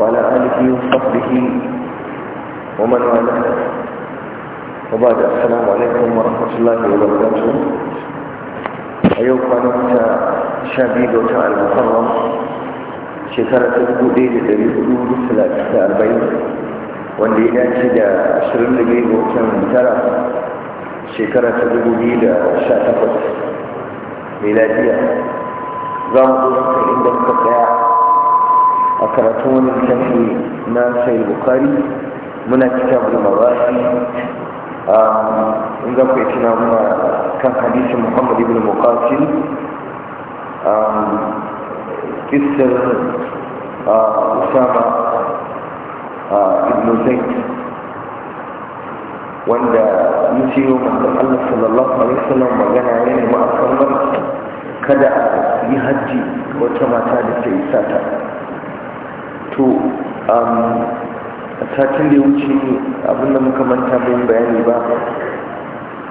وعلى آله وصحبه ومن والاه وبعد السلام عليكم ورحمة الله وبركاته أيوك أنت شابيد وتاء المحرم شكرة الهديد للهدود ثلاثة أربعين wanda ya dace da 22 ga watan tara shekara ta 2018 miladiya za mu zo kan inda muka tsaya a karatun wani littafi na sai bukari muna kitabul mawashi in za ku yi tuna muna kan hadisin muhammad ibn kistar a usama ibn zaid wanda ya ce wa allah sallallahu alaihi wasallam magana ya nemi a kan kada a yi hajji wata mata da ke yi sata to um, a satin da ya wuce abinda muka manta bayan bayani ba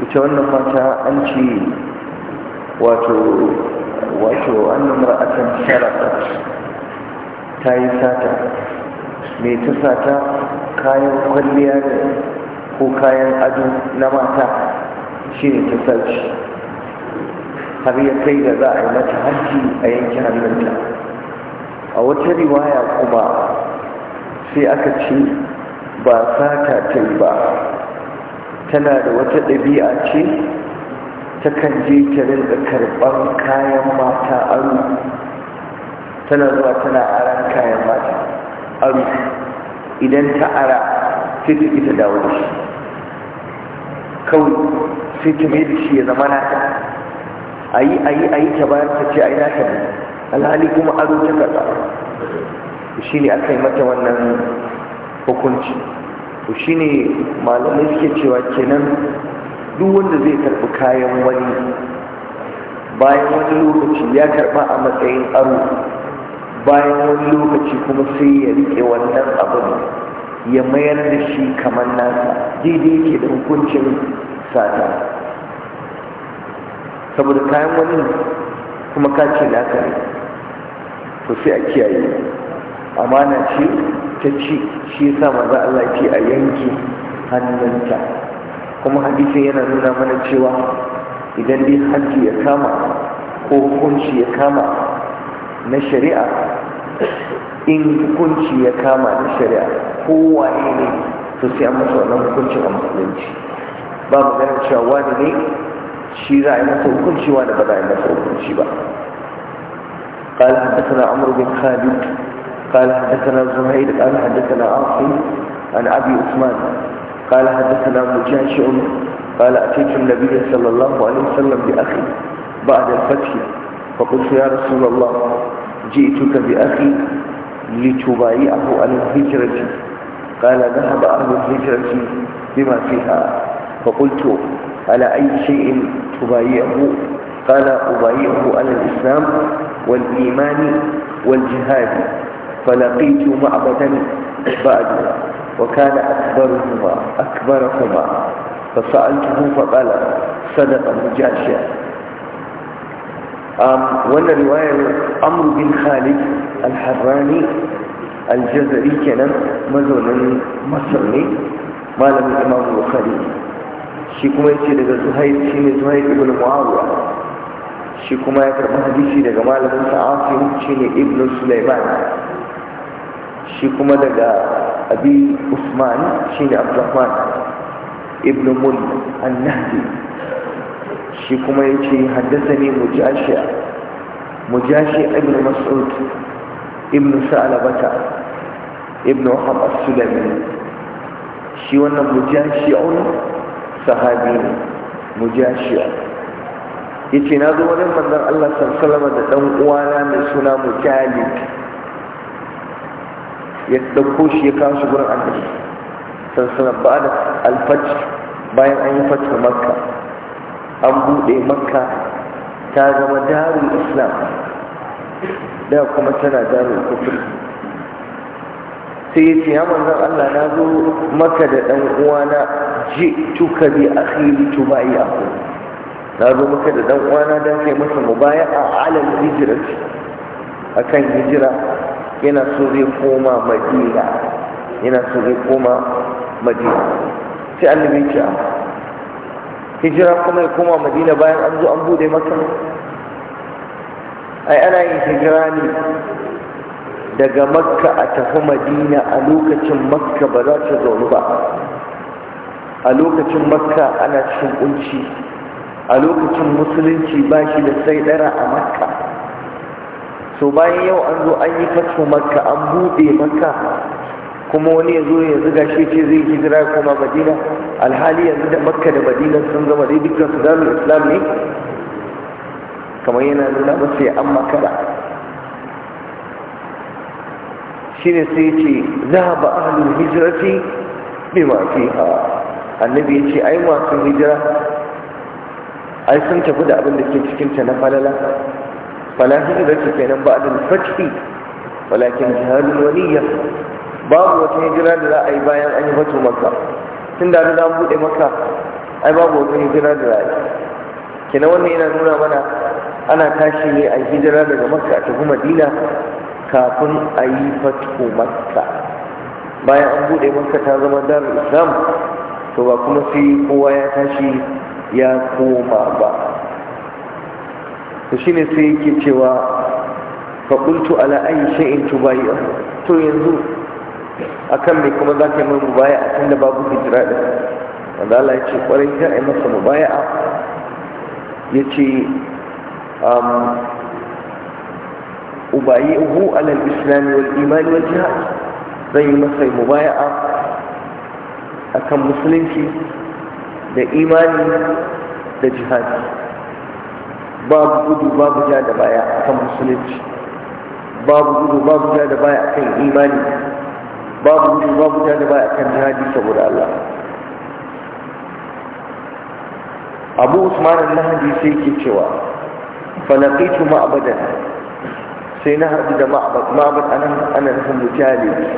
ita wannan mata an ce wato wato annan mara'atan ta yi sata mai ta sata kayan kwalliya ne ko kayan ado na mata shi ne ta sarci har ya kai da za a yi mata hajji a yankin hannunta a wata riwaya kuma sai aka ce ba sata ta yi ba tana da wata ɗabi'a ce ta kan je ta rinka karɓar kayan mata aro tana zuwa tana ara kayan mata aro idan ta ara sai ta ita dawo da shi kawai sai ta mai da shi ya zama nata a yi a yi a yi ta bayar ta ce a yi na ta ne alhali kuma aro ta kasa shi ne aka yi mata wannan hukunci to shi ne malamai suke cewa kenan duk wanda zai karbi kayan wani bayan wani lokaci ya karba a matsayin aro bayan wani lokaci kuma sai ya rike wannan abin ya mayar da shi kamar nasa daidai yake da hukuncin sata saboda kayan wani kuma kace naka kare. to sai a kiyaye amana ce ta ci shi sa maza Allah ce a yanki hannunta kuma hadisin yana nuna mana cewa idan dai haji ya kama ko hukunci ya kama na shari'a in hukunci ya kama na shari'a ko wane ne to sai an masa wannan hukuncin a musulunci ba magana cewa wani ne shi za a yi masa hukunci wani ba za a yi masa hukunci ba قال حدثنا عمر بن خالد قال حدثنا زهير قال حدثنا عاصم عن أبي عثمان قال حدثنا مجاشع قال أتيت النبي صلى الله عليه وسلم بأخي بعد الفتح فقلت يا رسول الله جئتك بأخي لتبايعه عن الهجرة قال ذهب أهل الهجرة بما فيها فقلت على أي شيء تبايعه قال أبايعه على الإسلام والإيمان والجهاد فلقيت معبدا بعد وكان أكبرهما أكبرهما فسألته فقال صدق مجاشع وانا رواية أمر بن خالد الحراني الجزري كان مزونا مصري ما لم الإمام البخاري شيكم يتشي لغا زهير شيني زهير ابن معاوية shi kuma ya karɓi hadisi daga malamin sa'afin shi ne ibn Suleiman. shi kuma daga abi usman shi ne abdurrahman ibn mul annahdi shi kuma ya ce haddasa ne mujashiya mujashiya ibn mas'ud ibn sa'alabata ibn wahab as-sulami shi wannan mujashi'un sahabi ne mujashi'a yace na zo wajen manzon Allah sallallahu da dan uwana mai suna Mujahid ya dauko shi ya kawo shi gurin annabi sallallahu ba da alfajr bayan an yi fatwa makka an bude makka ta zama darul islam da kuma tana darul kufr sai yace ce ya manzan Allah na zo maka da ɗan uwana ji tuka bi akhi tubai aku na zo maka da dan uwana dan kai masa mubaya'a alal hijrat akan hijira yana so zai koma madina yana so zai koma madina sai annabi a, hijira kuma ya koma madina bayan an zo an bude maka ai ana yin hijira ne daga makka a tafi madina a lokacin makka ba za ta zaune ba a lokacin makka ana cikin kunci a lokacin musulunci ba shi da sai dara a makka so bayan yau an zo an yi fato makka an buɗe makka kuma wani ya zo ya ziga shi ce zai hijira ya koma madina alhali yanzu da makka da madina sun zama dai dukkan su darul islam ne kamar yana nuna masu ya an makara shi ne sai ce za ba ahalin hijirati bi mafi ha annabi ya ce ai masu hijira ai sun tafi da abin da ke cikinta na falala falahin da ke kenan ba adal fathi walakin jihalul waliya babu wata hijira da za a yi bayan an yi fatu maka tun da an buɗe maka ai babu wata hijira da za a yi kina wannan yana nuna mana ana tashi ne a hijira daga maka a tafi madina kafin a yi fatu makka bayan an buɗe maka ta zama darul islam to ba kuma sai kowa ya tashi ya koma ba to shine sai yake cewa fa qultu ala ayi shay'in to yanzu akan me kuma za ka yi mai mubaya a tunda babu hijira din wanda Allah ya ce kwarai ka yi masa mubaya ya ce ubayi uhu alal islami wal imani wal jihad zan yi masa mubaya'a akan musulunci da imani da jihadi babu gudu babu ja da baya akan musulunci babu gudu babu ja da baya akan imani babu gudu babu ja da baya akan jihadi saboda Allah abu usman al-nahdi sai ke cewa falaqitu ma'badan sai na haɗu da ma'abad anan ana nufin mujalid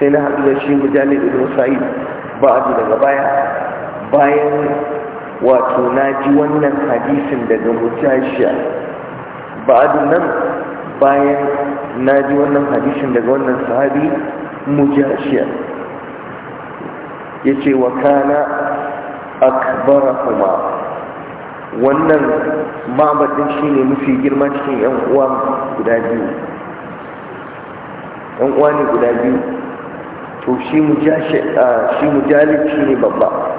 sai na haɗu da shi mujalid ibn sa'id ba a daga baya bayan wato na ji wannan hadisin daga mutashiya ba'adu nan bayan na ji wannan hadisin daga wannan sahabi mutashiya ya ce wa kana kuma? wannan mamadin shi ne mafi girma cikin 'yan uwa guda biyu yan uwa ne guda biyu to shi mujalib shi ne babba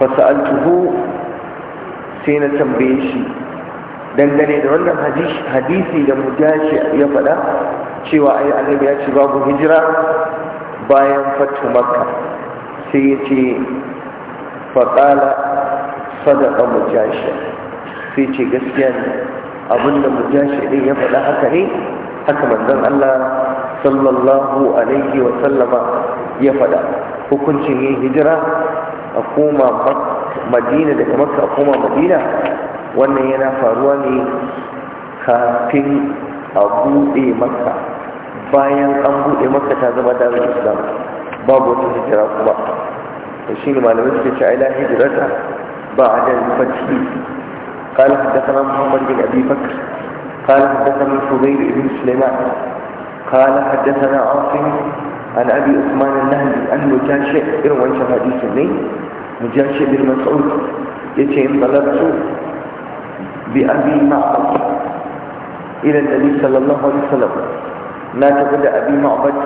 fasa'altuhu sai na tambaye shi dangane da wannan hadisi da mujashi ya faɗa cewa ai annabi ya ce babu hijira bayan fatu makka sai ya ce faƙala sadaka mujashi sai ce gaskiya ne abinda mujashi ɗin ya faɗa haka ne haka manzon Allah sallallahu alaihi wa sallama ya faɗa hukuncin yin hijira a koma madina daga makka a koma madina wannan yana faruwa ne kafin a buɗe maka bayan an buɗe maka ta zama darar islam babu wata hijira kuma shi ne malamai suke ce ila hijirata ba a da fatih قال حدثنا محمد بن ابي بكر قال حدثنا الفضيل بن سليمان قال حدثنا عاصم an abi usman an-nahdi an mujashi irin wancan hadisin ne mujashi bin mas'ud yace in balagtu bi abi ma'bad ila nabi sallallahu alaihi wasallam na tafi da abi ma'bad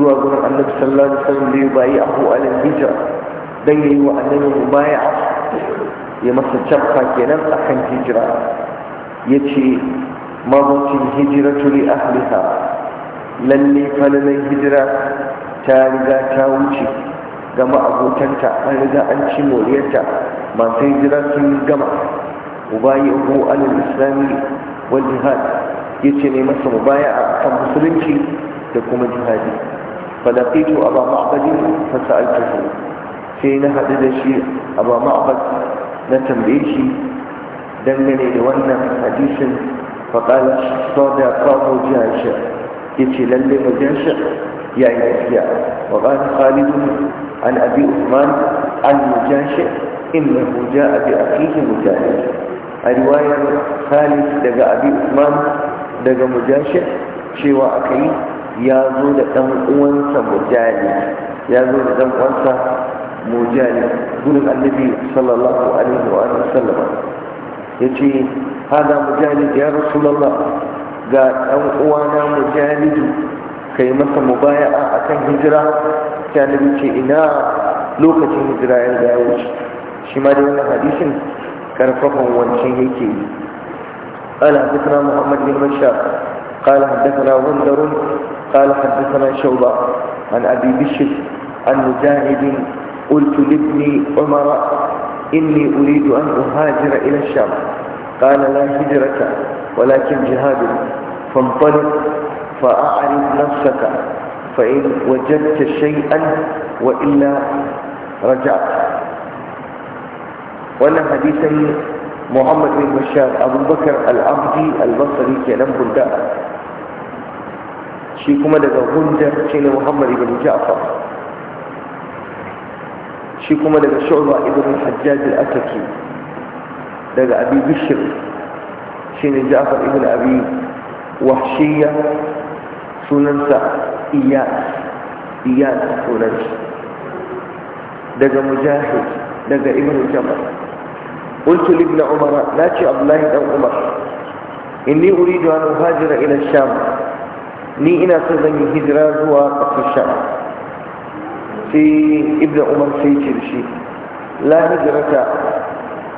zuwa gurin annabi sallallahu alaihi wasallam da bayi abu al-hijra dan yayi wa annabi mubaya'a ya masa chaffa kenan akan hijira yace mabocin hijiratu li ahliha lalle falalan hijira ta riga ta wuce gama abotanta an riga an ci moriyarta masu hijira sun gama ubayi ubu alal islami wal jihad ya ce ne masa mubaya a kan musulunci da kuma jihadi falaqitu aba ma'badi fa sa'altuhu sai na haɗu da shi aba ma'bad na tambaye shi dangane da wannan hadisin faqala sadaqa qawlu jahashah yace lalle mujanshi ya yi tafiya wa qala khalid an abi usman al mujanshi innahu jaa bi akhihi mujahid a riwaya khalid daga abi usman daga mujanshi cewa akai ya zo da dan uwansa mujahid ya zo da dan uwansa mujahid gurin annabi sallallahu alaihi wa sallam yace hada mujahid ya rasulullah ga ɗan uwana mujahidu kai masa mubaya'a akan hijira ta ce ina lokacin hijira ya ga wuce shi ma da wannan hadisin karfafan wancan yake yi قال حدثنا محمد بن بشار قال حدثنا غندر قال حدثنا شوبة عن أبي بشر عن مجاهد قلت لابني عمر إني أريد أن أهاجر إلى الشام قال لا هجرة ولكن جهاد فانطلق فأعرف نفسك فإن وجدت شيئا وإلا رجعت وأنا حديثا محمد بن بشار أبو بكر العبدي البصري كلام بلداء شيكما لدى غندة شين محمد بن جعفر شيكما لدى شعبة ابن الحجاج الأتكي لدى أبي بشر shine Ja'far ibn Abi Wahshiya sunansa Iyas Iyas sunansa daga Mujahid daga Ibn Jabal قلت لابن عمر لا تشي الله بن عمر إني أريد أن أهاجر إلى الشام ni ina so zan yi hijira zuwa ƙasar sham sai ibn umar sai ce da shi hijirata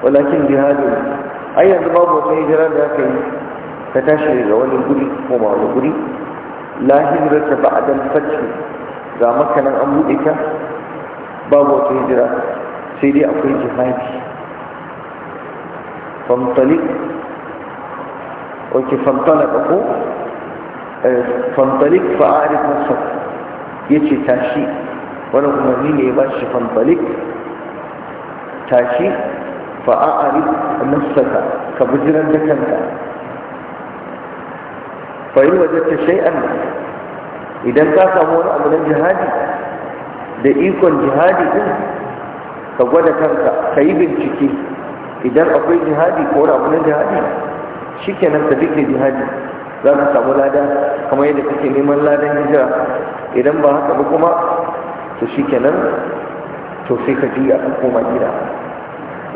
walakin jihadun ai yanzu babu wata hijira da aka yi ta tashi daga wani guri ko ma wani guri la hijrata ba'da al-fath ga makanan an buɗe ta babu wata hijira sai dai akwai jihadi famtalik wace famtalaka ko eh, famtalik fa'arif nasar ya ce tashi wani umarni ne ya ba shi famtalik tashi fa'a'ari nafsaka ka bujiran da kanka fa yi wajatta shay'an idan ka samu wani abu na jihadi da ikon jihadi din ka gwada kanka ka yi bincike idan akwai jihadi ko wani abu na jihadi shi nan ka duke jihadi za ka samu lada kamar yadda kake neman ladan hijira idan ba haka ba kuma to shi nan to sai ka juya ka koma gida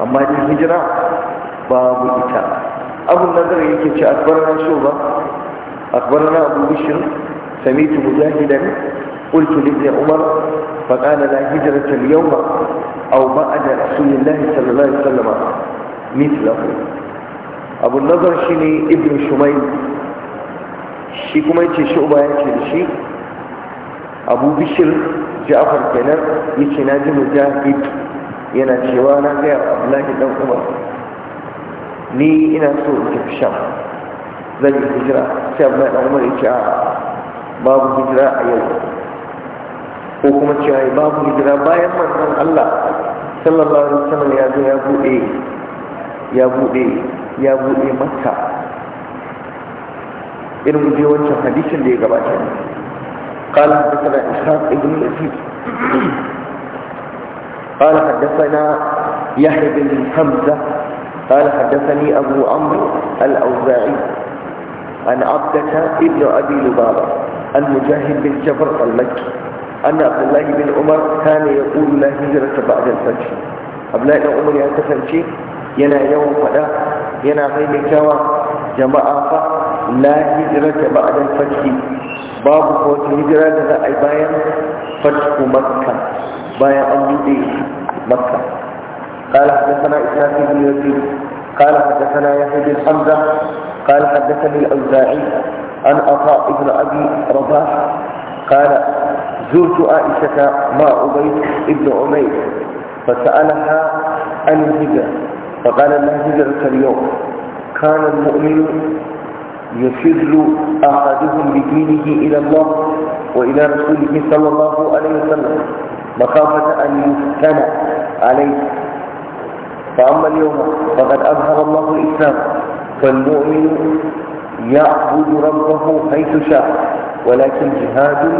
amma dai hijira babu ita abu nazar yake ce akbarana shuba na abu Bishir, samitu mujahidan قلت لابن عمر فقال لا هجرة اليوم أو بعد رسول الله صلى الله عليه وسلم مثله أبو النظر شيني ابن شميل shi kuma yace shuba yace da shi abu bishir ja'far kenan yace na ji mujahid yana cewa na gaya wa abdullahi dan umar ni ina so in tafi sham zan yi hijira sai abdullahi dan umar ya ce a babu hijira a yau ko kuma cewa babu hijira bayan manzon Allah sallallahu alaihi wasallam ya zo ya bude ya bude ya bude makka irin je wancan hadisin da ya gabata قال حدثنا اسحاق ابن يزيد قال حدثنا يحيى بن حمزة قال حدثني أبو عمرو الأوزاعي عن عبدة ابن أبي لبابة المجاهد بن جبر المكي أن عبد الله بن عمر كان يقول لا هجرة بعد الفجر عبد الله بن عمر يعتفل شيء ينا يوم فدا ينا غير كوا جماعة لا هجرة بعد الفجر باب قوة الهجرة لذا أي بايا فتح مكة بايا أمودي مكة قال حدثنا إسحاق بن يزيد قال حدثنا يحيى بن حمزة قال حدثني الأوزاعي عن عطاء بن أبي رباح قال زرت عائشة مع عبيد بن عمير فسألها عن الهجرة فقال لها هجرة اليوم كان المؤمن يفر أحدهم بدينه إلى الله وإلى رسوله صلى الله عليه وسلم مخافة أن يفتن عليه فأما اليوم فقد أظهر الله الإسلام فالمؤمن يعبد ربه حيث شاء ولكن جهاد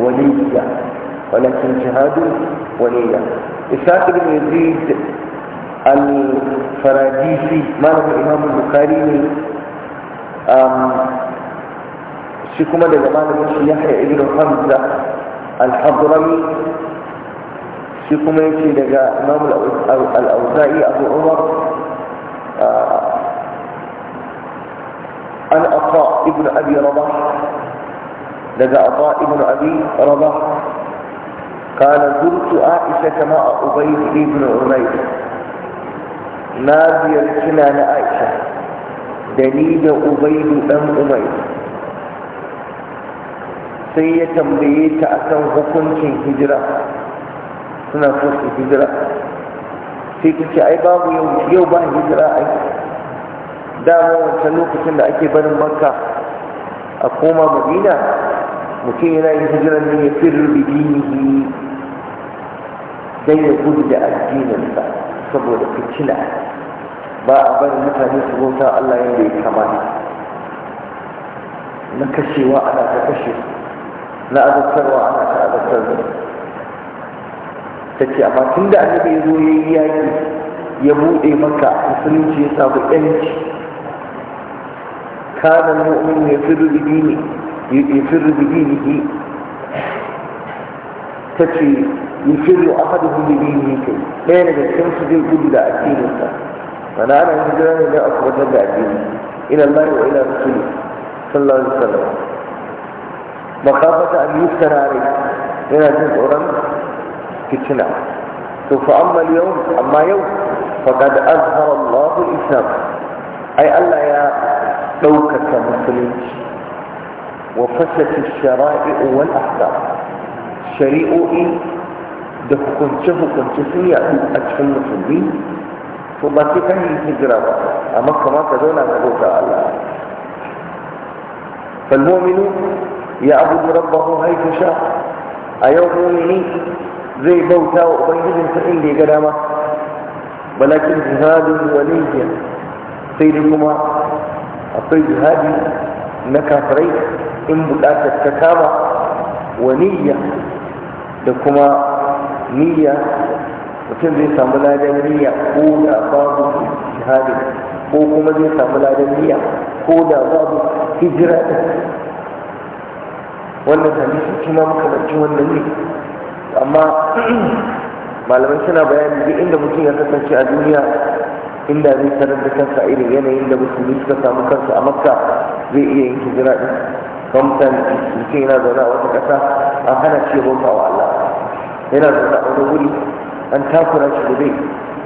ولية ولكن جهاد ولية إسحاق بن يزيد الفراديسي ما له الإمام البخاري شكما لزمان يحيى ابن حمزة الحضرمي في يكفي لقى امام الاوزائي ابو عمر الاطاء ابن ابي رضح لقى اطاء ابن ابي رضح قال زرت عائشة مع عبيد بن عمير ما الكلى لعائشة دليل عبيد ام عمير سيتم بيت اكن حكم هجره suna so su hijira sai ka ce ai babu yau yau ba hijira ai Da wancan lokacin da ake barin makka a koma madina mutum yana yin hijiran ne ya fi rubidinihi don ya gudu da addininsa saboda fitina ba a barin mutane su bauta Allah yadda ya kamata na kashewa ana ta kashe na azabtarwa ana ta azabtar da ta ce amma tun da annabi ya zo ya yi yaƙi ya buɗe maka musulunci ya samu ƴanci kana mu'min ya firru bidini ya firru ki? ta ce ya firru ahaduhu bidinihi kai ɗaya daga cikin su zai gudu da addininsa mana ana hijira ne don a kubatar da addini Ina Allah wa ina rasuli sallallahu alaihi wasallam makafata an yuftara rai yana jin tsoron فتنة سوف أما اليوم أما يوم فقد أظهر الله الإسلام أي ألا يا دوكة مسلم وفشت الشرائع والأحكام شريعي دفكم شفكم شفية أجفل لكم دين ثم تفهم الهجرة أما كما تدون أن أبوك الله فالمؤمنون يعبد ربه هيك شاء أيوم المؤمنين zai bauta wa ubangijinsa inda ya ga dama balakin jihadin waliyya sai dai kuma akwai jihadi na kafirai in bukatar ta kama wa da kuma niyya mutum zai samu ladan niyya ko da babu jihadi ko kuma zai samu ladan niyya ko da babu hijira wannan hadisi shi makamancin wannan ne amma malamai suna bayani duk inda mutum ya kasance a duniya inda zai sanar da kansa irin yanayin da musulmi suka samu kansa a makka zai iya yin hijira din kamtan mutum yana zaune a wata ƙasa an hana ce, bauta wa Allah yana zaune a wani wuri an takura shi da zai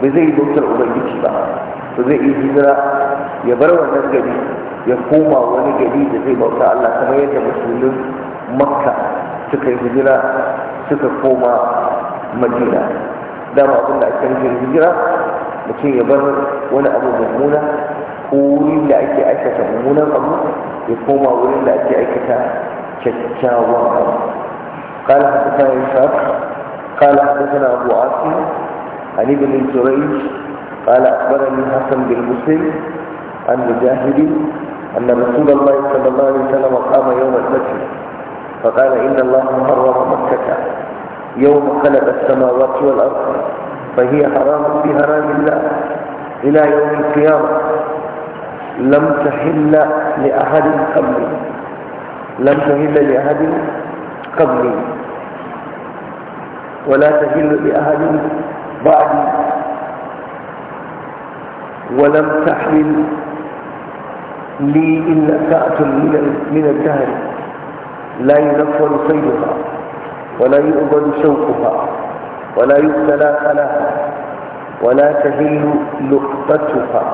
ba zai yi bautar ubangiji ba to zai iya hijira ya bar wannan gari ya koma wani gari da zai bauta Allah kamar yadda musulmin makka suka yi hijira suka koma madina dama abin da ake nufin hijira mutum ya bar wani abu mummuna ko wurin da ake aikata mummunan abu ya koma wurin da ake aikata kyakkyawan abu قال حدثنا إسحاق قال حدثنا أبو عاصم عن ابن جريج قال أخبرني حسن بن مسلم عن مجاهد أن رسول الله صلى الله عليه وسلم قام يوم الفتح فقال إن الله حرم مكة يوم خلق السماوات والأرض فهي حرام بحرام الله إلى يوم القيامة لم تحل لأحد قبلي لم تحل لأحد قبلي ولا تحل لأحد بعدي ولم تحل لي إلا ساعة من الدهر لا ينفر صيدها ولا يؤبد شوقها ولا يبتلى خلاها ولا تهل لقطتها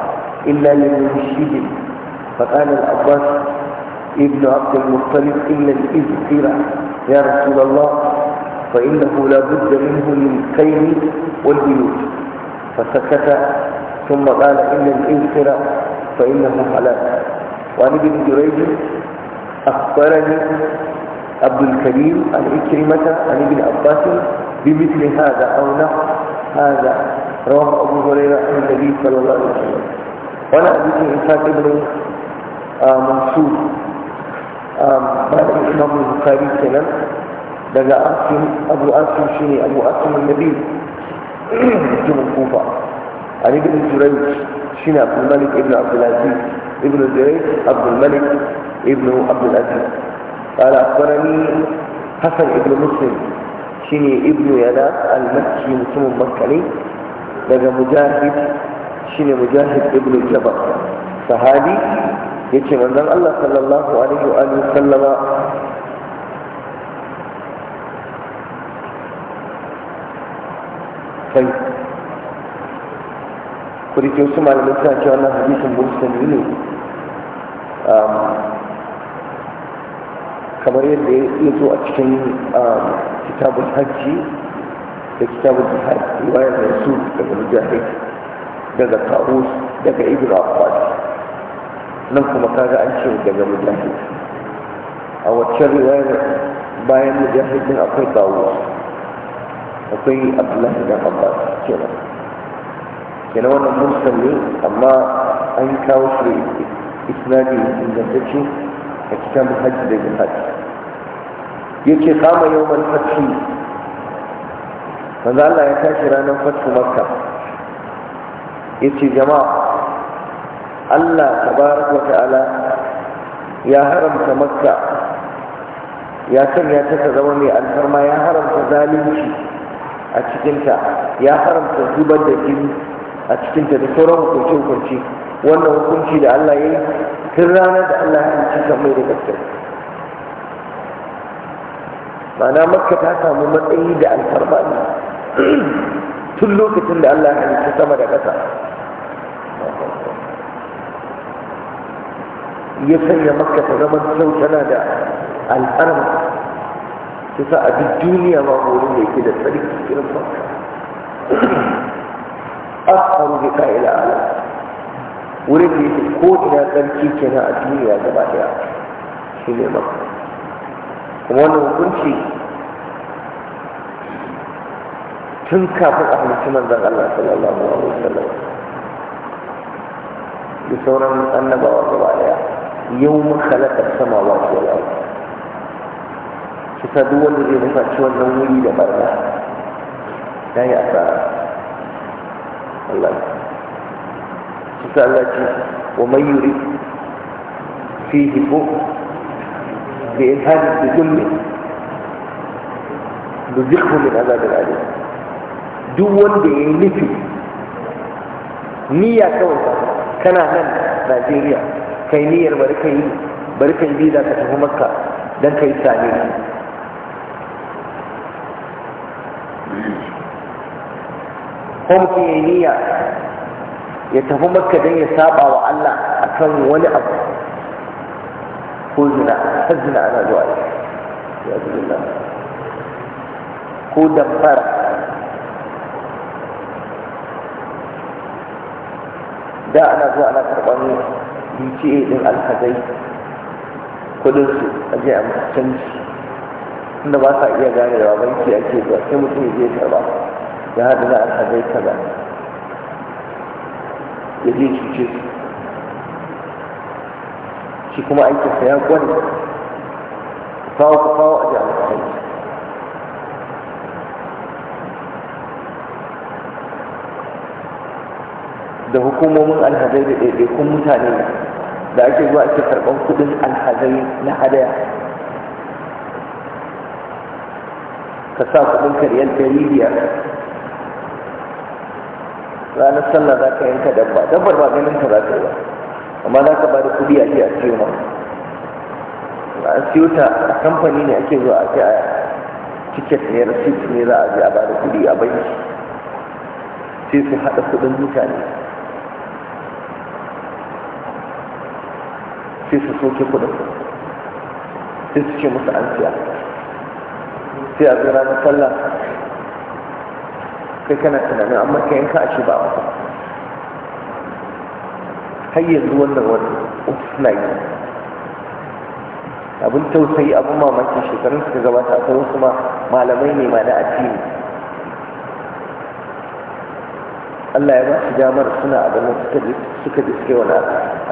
إلا لمنشد فقال العباس ابن عبد المطلب إلا الإذكرة يا رسول الله فإنه لا بد منه الكيل والبيوت فسكت ثم قال إن الإذكرة فإنه حلال وعن ابن جريج أخبرني عبد الكريم عن إكرمة عن ابن عباس بمثل هذا أو نحو هذا رواه أبو هريرة عن النبي صلى الله عليه وسلم وأنا أبيت إنسان ابن آه، منصور بعد الإمام البخاري كلام أسلم أبو أسلم asim أبو أسلم النبي asim الكوفة عن ابن an شني أبو الملك ابن عبد العزيز ابن ibn عبد الملك ابن عبد العزيز قال أخبرني حسن ابن مسلم شيني ابن يناس المكي مسلم مكني لقى مجاهد شيني مجاهد ابن الجبر صحابي يتي من ذن الله صلى الله عليه وآله وسلم طيب kurike wasu malamai suna cewa wannan hadisin musulmi ne kamar yadda ya zo a cikin um, kitabun hajji da kitabun jihar riwayar da su daga mujahid daga ka'us daga ibn abbas nan kuma kaga an ce daga mujahid a waccan riwayar bayan mujahidin akwai ka'us akwai abdullahi dan abbas kenan kenan wannan mursal ne amma an kawo shi isnadi ingantacce a kitabul hajji da bil hajji yace kama yawmal fathi manzo Allah ya tashi ranar fatu makka yace jama'a Allah tabaraka wa ta'ala ya haramta makka ya sanya ta ta zama mai alfarma ya haramta zalunci a cikinta ya haramta zubar da jini a cikinta da sauran hukunci-hukunci. wannan hukunci da Allah ya yi سراند الله ان تسمي لك معنى مكة تاسا ممتعي دا ان ترباني تلوك تند الله ان تسمى لك يسي مكة رمض سو تنادى الأرض تسا أدي الدنيا ما أقولون لي كده سريك في المفكة أخر بك إلى الله wurin da yake ko ina tsarki kenan a duniya gaba daya shi ne maka kuma wannan hukunci tun kafin a halittu manzan Allah sallallahu alaihi wasallam da sauran annabawa gaba daya yau mun halakar sama wa ke lafi kisa duk wanda zai nufa ci wannan wuri da barna ya yi asara Allah suka wa man yuri fihi bu bi ilhadi bi zulmi nuzikhu min azabil alim duk wanda yayi nufi niyya kawai kana nan Najeriya kai niyyar bari kai bari kai biza ka tafi Makka dan kai sami ko mutum yayi niyya ya tafi makka don ya saba wa Allah akan wani abu ko zina har zina ana zuwa ya zina ko dabbar. da ana zuwa ana karɓar DTA ɗin alhazai kudinsu a je a canji inda ba sa iya gane da banki ake zuwa sai mutum ya je karɓa ya haɗu da alhazai kaza ya cuce su shi kuma aikinsa ya gwani kawo ku kawo a ji alƙalai da hukumomin alhazai da ɗaiɗaikun mutane da ake zuwa ake karɓar kuɗin alhazai na hadaya ka sa kuɗin karyar ɗari biyar ranar sallah za ka yanka dabba dabbar ba ganin ta za ka yi ba amma za ka ba da kuɗi a ke a siyo ba A siyo ta a kamfani ne ake zuwa a ce a tiket ne receipt ne za a je a ba da kuɗi a banki sai su haɗa kuɗin mutane sai su soke kuɗin sai su ce musu an siya sai a zo ranar sallah kai kana tunanin amma maka yanka a ce ba a har yanzu wannan wani ofisla abin tausayi abin mamakin shekarun suka gabata a kuma kuma malamai ne ma na addini Allah ya ba su damar suna a ganin suka ji suka ji suke wani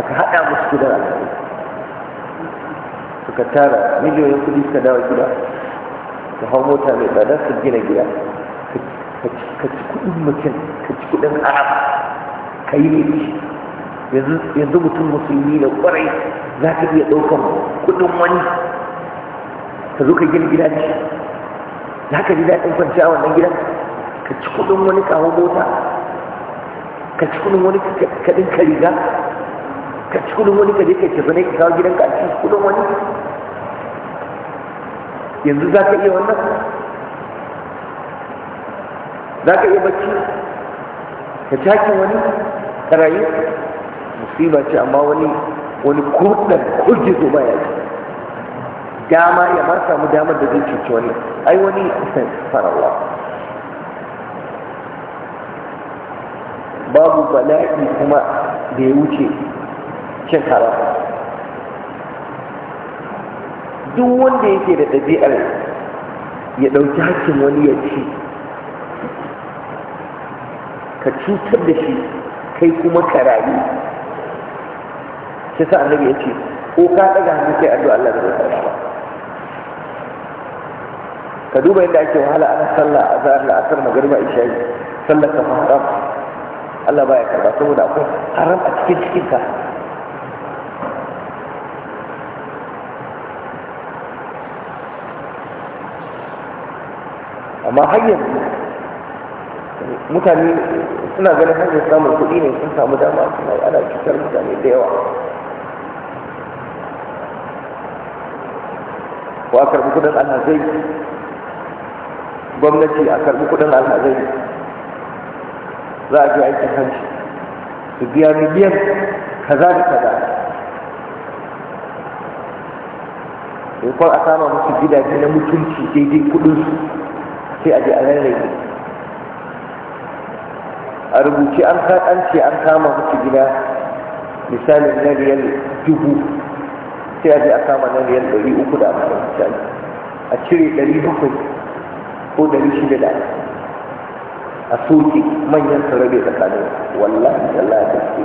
aka haɗa musu gidan alƙali suka tara miliyoyin kuɗi suka dawo gida su hau mota mai tsada su gina gida ka ci kudin mutum ka ci kudin arab ka yi ne yanzu mutum musulmi da kwarai za ka iya ɗaukan kudin wani ka zo ka gina gida ce za ka ji daɗin a wannan gidan ka ci kudin wani kawo mota ka ci kudin wani kaɗin ka riga ka ci kudin wani ka je ka tafi ka kawo gidan ka ci kudin wani yanzu za ka iya wannan za ka iya bacci ka cakin wani karayi musiba ce amma wani wani kurdan kurgizo ba ya dama ya ma samu damar da zai cuci wani ai wani farawa babu bala'i kuma da ya wuce cin haram duk wanda yake da ɗabi'ar ya ɗauki hakkin wani ya ci ka cutar da shi kai kuma ka rayu shi sa annabi ya ce ko ka daga hannu kai addu'a Allah da zai ba ka duba yadda ake wahala ana sallah a da asar magariba isha yi sallar ka haram Allah baya karba saboda akwai haram a cikin cikinka amma har yanzu mutane suna ganin hanyar samun kuɗi ne sun samu dama suna yi ana cutar mutane da yawa ko a karɓi kuɗin alhazai gwamnati a karɓi kuɗin alhazai za a ji aikin hanci su biya miliyan kaza da kaza In kwan a kama musu gidaje na mutunci daidai kuɗinsu sai a je a rarrabe a rubuce an kaɗance an kama musu gida misalin na riyal dubu sai a je a kama na riyal ɗari uku da amfani misali a cire ɗari bakwai ko ɗari shida da a soke manyan sarari rabe tsakanin wallahi wallahi ta ce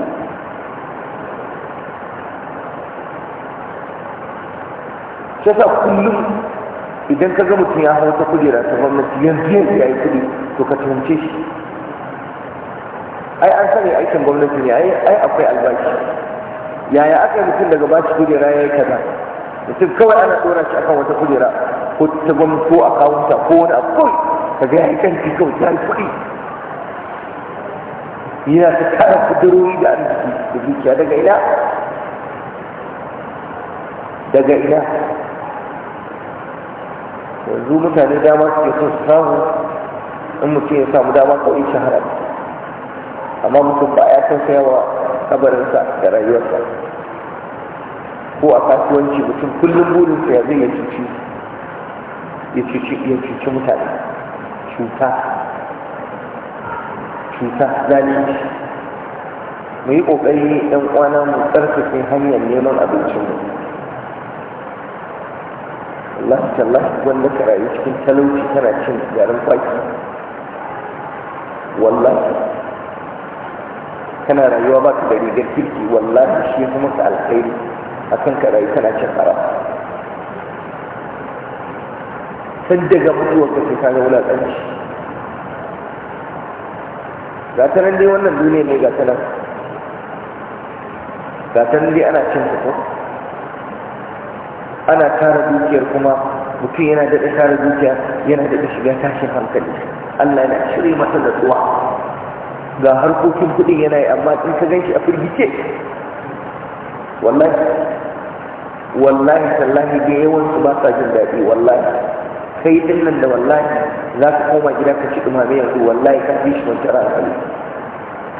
shi sa kullum idan ka ga mutum ya hau ta kujera ta gwamnati yanzu yanzu ya yi kuɗi to ka tunce shi ai an sani aikin gwamnati ne ai akwai albashi yaya aka yi mutum daga bashi kujera ya yi kaza mutum kawai ana dora shi akan wata kujera ko ta gwamnati ko akawunta ko wani abu ka ga ya yi kanki kawai ta yi kuɗi yana ta kara kudurori da arziki da dukiya daga ina daga ina yanzu mutane dama suke son su samu in mutum ya samu dama kawai shahara amma mutum ba ya yawa kabarinsa da rayuwarsa ko a kasuwanci mutum kullum burinsa ya zai ya cuci ya cuci mutane cuta cuta zalunci mu yi ƙoƙari ɗan ƙwana mu tsarkake hanyar neman abincin mu Allah Allah wanda ka rayu cikin talauci tana cin garin kwaki wallahi kana rayuwa ba ka da rigar kirki wallahi shi kuma ka alkhairi kan ka rayu kana cin haram san daga mutuwar ka sai ka ga wulaƙanci ga ta nan dai wannan duniya ne ga ta nan ga ta nan dai ana cin ko ana tara dukiyar kuma mutum yana daɗa tara dukiya yana daɗa shiga tashin hankali Allah yana shirya masa da tsuwa ga harkokin kudin yana yi amma in ka ganshi a firgice wallahi wallahi sallahi da su ba sa jin daɗi wallahi kai din nan da wallahi za ka koma gida ka ci ɗumame yanzu wallahi ka fi shi wancan hankali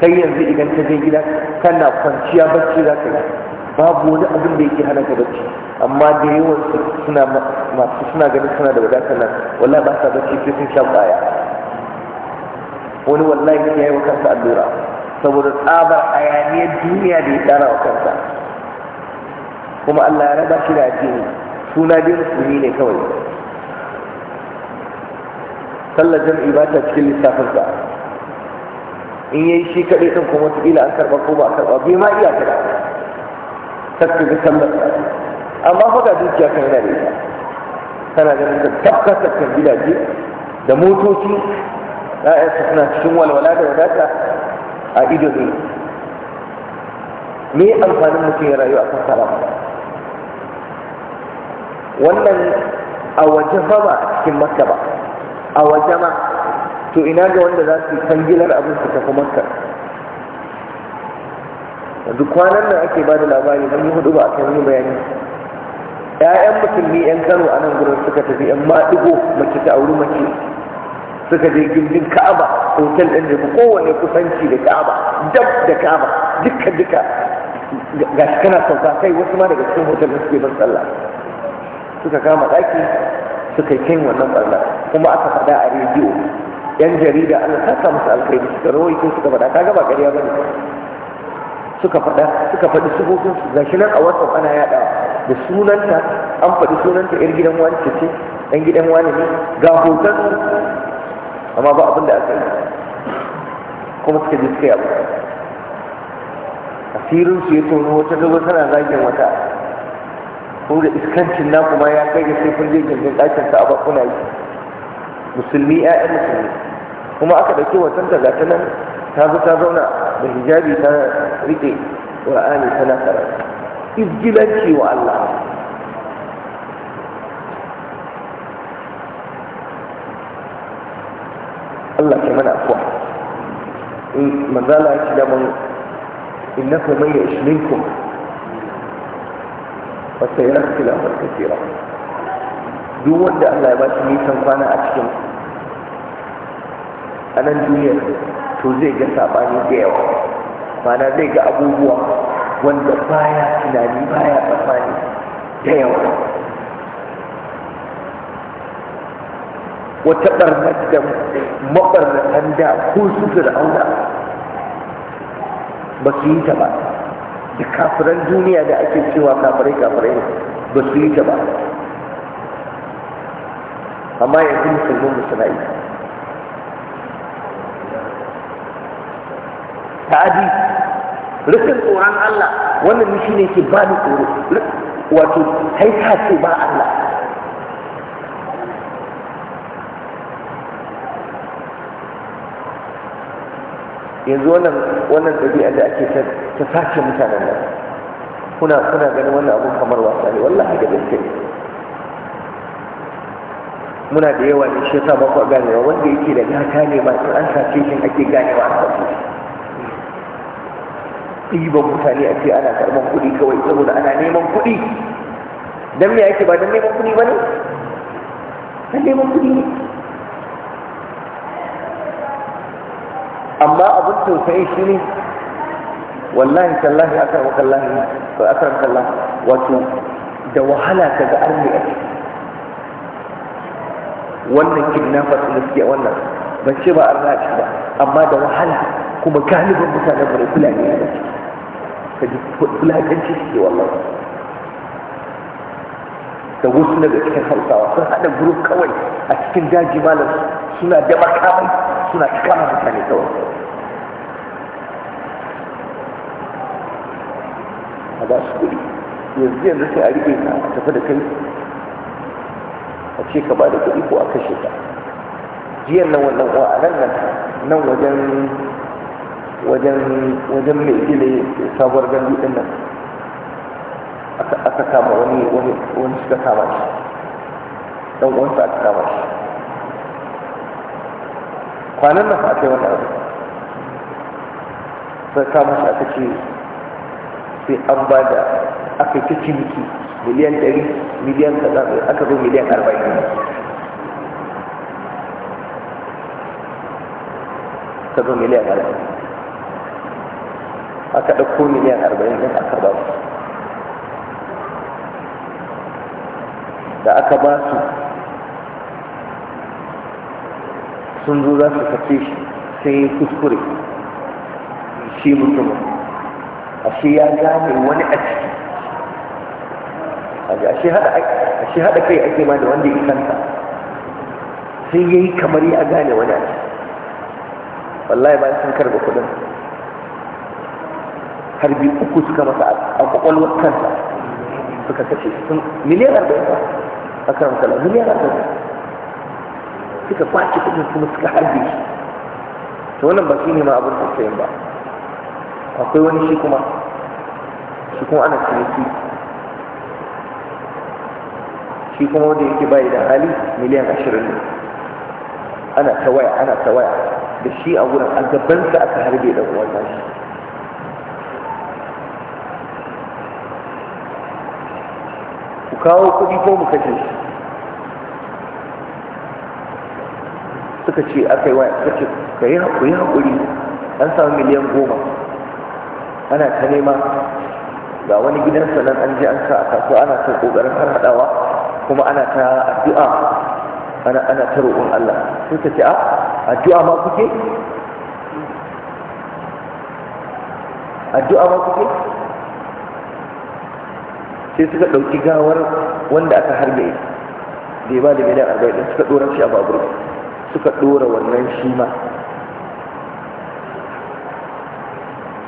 kai yanzu idan ka je gida kana kwanciya bacci za ka yi babu wani abin da yake hana ka bacci amma da yawan suna masu suna ganin suna da wadatar nan wallahi ba sa bacci sai sun sha kwaya wani wallahi ya yi wa kansa allura saboda tsabar hayaniyar duniya da ya tsara wa kansa kuma Allah ya raba shi da addini suna dai musulmi ne kawai sallar jam'i ba ta cikin lissafinsa in yi shi kaɗai ɗin kuma wataƙila an karɓa ko ba a karɓa bai ma iya kaɗa sakka ga sallar amma fa ga dukiya kan yana da ita tana ganin ta tafka sakkan gidaje da motoci ya'yansa suna cikin walwala da wadata a ido ne me amfanin mutum ya rayu a kan haram wannan a waje ba ba cikin makka ba a waje ma to ina ga wanda za su yi tangilar abin su tafi makka Duk kwanan nan ake ba da labari mun yi hudu ba a kan yi bayani ‘ya'yan musulmi ‘yan kano a nan gurin suka tafi ‘yan maɗigo mace ta auri mace suka je gindin ka'aba hotel ɗin da kowane kusanci da ka'aba dab da ka'aba duka duka ga shi kana sauka kai wasu ma daga cikin hotel suke ban sallah suka kama ɗaki suka kai wannan barna kuma aka faɗa a rediyo yan jarida ana saka musu alkhairi suka ko suka faɗa kaga ba ƙarya bane suka faɗa suka faɗi sufofin su gashi nan a wasan ana yaɗa da sunanta an faɗi sunanta yar gidan wani ce ɗan gidan wani ne ga hoton amma ba abin da aka yi kuma suka ji suka yabo asirin su ya tono wata gaba tana zagin wata ko da iskancin na kuma ya kai ga sai kun je gindin ɗakin sa a bakuna yi musulmi 'ya'yan musulmi kuma aka ɗauki watan ta gata nan ta zo ta zauna da hijabi ta riƙe wa'ani tana karatu izgilanci wa Allah Allah kai mana afuwa in manzala ya ci daman innakum man yashminkum wa sayara khilafan kathira duk wanda Allah ya ba shi nisan kwana a cikin a nan duniyar to zai ga sabani da yawa mana zai ga abubuwa wanda baya tunani baya tsammani da yawa wata barnar da mabarnatan da ko su fir'auna ba su yi ta ba da kafiran duniya da ake cewa kafirai kafirai ba su yi ta ba amma yanzu musulmin musulmai ta'adi rikin tsoron Allah wannan shi ne ke ba ni tsoro wato kai ka ce ba Allah yanzu wannan wannan ɗabi'a da ake ta sace mutanen nan kuna kuna ganin wannan abun kamar wasa ne wallahi da gaske muna da yawa ne shi yasa ba ku ganewa wanda yake da gata ne ba in an sace shi ake ganewa an sace shi ɗiban mutane a ce ana karɓar kuɗi kawai saboda ana neman kuɗi dan me yake ba dan neman kuɗi ba ne dan neman kuɗi ne ka yi shi ne wallahi tallahi kan kallahi ko wa kallah wato da wahala ka ga arni a ciki wannan kidnapper din gaskiya wannan ban ce ba arna a ciki ba amma da wahala kuma galibin mutanen mu ne fulani a ciki ka ji fulakanci ke wallahi da wasu daga cikin hausawa sun haɗa gurin kawai a cikin daji malam suna da makamai suna cikin mutane kawai a ba su kuɗi yanzu yanzu sai a riƙe ka a tafi da kai a ce ka ba da kuɗi ko a kashe ka jiyan nan wannan uwa a nan nan wajen wajen wajen mai gile sabuwar gandu ɗin nan aka kama wani wani suka kama shi ɗan uwansa aka kama shi kwanan nan a aka yi wani abu sai kama shi aka ce sai an ba da aka yi ta ciniki miliyan 100 miliyan kaza aka zo miliyan 40 aka zo miliyan 40 aka ɗauko miliyan 40 ɗin aka ba su da aka ba su sun zo za su kace shi sai kuskure shi mutumin ashe ya gane wani a ciki ashe haɗa kai ake ma da wanda ya kanta. sai ya yi kamar ya gane wani a ciki wallahi ba sun karɓi kuɗin har biyu uku suka masa a kwakwalwar kansa suka kashe sun miliyan arba'in ba a kan kala miliyan arba'in suka kwace kuɗin kuma suka harbe shi to wannan ba shi ne ma abin da ba akwai wani shi kuma shi kuma ana ciniki shi kuma wanda yake bayi da hali miliyan ashirin ne ana ta waya ana ta waya da shi a wurin a gabansa aka harbe da uwan nashi ku kawo kuɗi ko mu kashe shi suka ce aka yi waya suka ce ka yi haƙuri an samu miliyan goma ana ta nema ga wani gidan nan an je an sa a kasuwa ana ta kokarin har haɗawa. kuma ana ta addu'a ana ana ta roƙon Allah sai ta ce a ah, addu'a ma kuke addu'a ma kuke sai suka ɗauki gawar wanda aka harbe bai ba da miliyan arba'in suka ɗora shi a babur suka ɗora wannan shi ma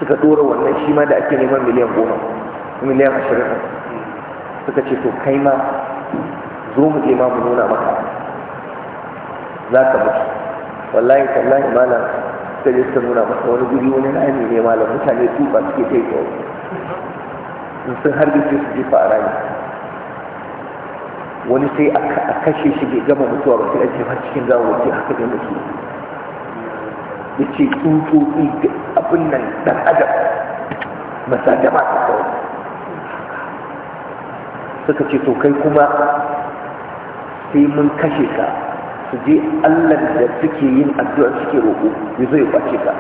suka dora wannan shi ma da ake neman miliyan goma miliyan ashirin suka ce to kai ma zo mu je ma mu nuna maka za ka mutu wallahi tallahi malam je suka nuna masa wani guri wani rami ne malam mutane tuba suke kai tsoro sun harbe sai su jefa a rami wani sai a kashe shi bai gama mutuwa ba sai a har cikin gawo ce haka da mutu ya ce tsuntsotsi abin nan dan adam masajama ta kawai suka ce to kai kuma sai mun kashe ka su je allah da suke yin addu'a suke roƙo ya zo ya kwace ka